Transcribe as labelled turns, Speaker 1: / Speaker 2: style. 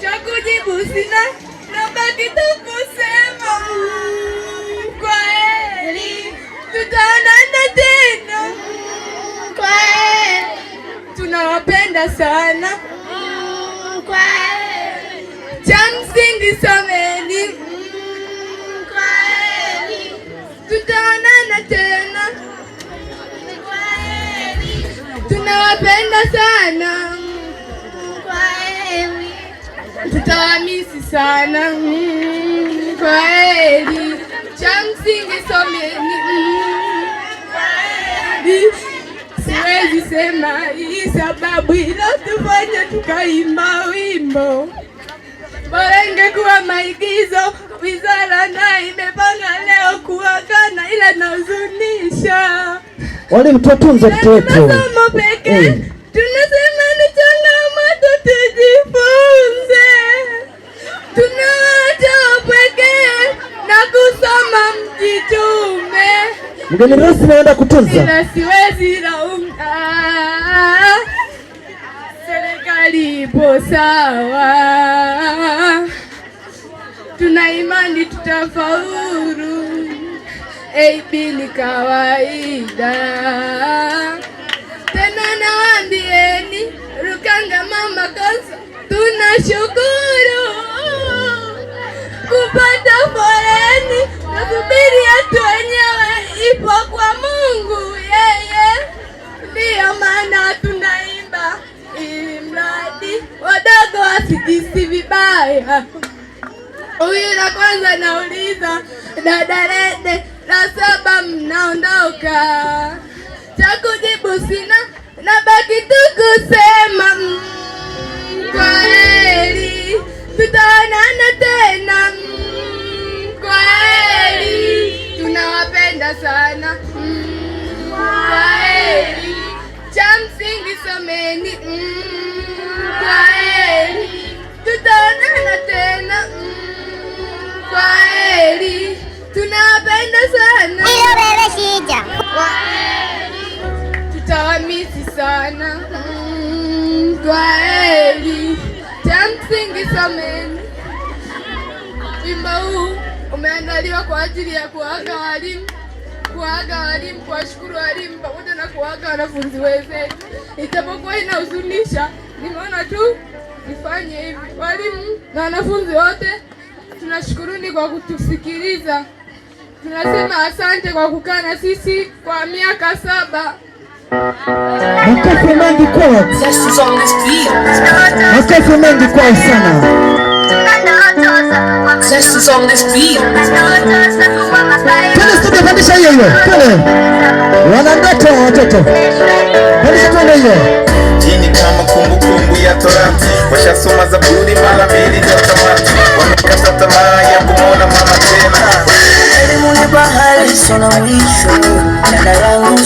Speaker 1: cha kujibu sina, nabaki tu kusema kwa heri, tutaonana tena kwa heri, tunawapenda sana kwa heri, cha msingi someni kwa heri, tutaonana tena kwa heri, tunawapenda sana. tamisi sana mm, kwa heri cha msingi someni mm, siwezi sema hii sababu ilotufanya tukaimba wimbo bora ingekuwa maigizo. Wizara na imepanga leo kuwakana, ila nahuzunisha
Speaker 2: wale mtoto nza mtoto
Speaker 1: pekee vitume.
Speaker 2: Mgeni rasmi naenda kutunza.
Speaker 1: Ila siwezi laumna. Serikali ipo sawa. Tuna imani tutafaulu. AB ni kawaida. Tena nawaambieni Rukanga mama kosa tunashukuru wadogo wasijisi vibaya. Huyu la kwanza nauliza dada Rede, la saba mnaondoka, cha kujibu sina Examen. Wimbo huu umeandaliwa kwa ajili ya kuaga walimu, kuaga walimu, kuwashukuru walimu pamoja na kuaga wanafunzi wenzetu. Itapokuwa inahuzunisha, nimeona tu nifanye hivi. Walimu na wanafunzi wote tunashukuruni kwa kutusikiliza, tunasema asante kwa kukaa na sisi kwa miaka saba. Makofi
Speaker 2: mengi kwao, makofi mengi kwao sana. Tena studio, pandisha hiyo hiyo, tele wanandoto watoto, pandisha tuende hiyo jini kama kumbukumbu ya Torati, washasoma Zaburi mara mbili za Torati, wamekata tamaa ya kumwona mama tena mwanzo na mwisho, dada yangu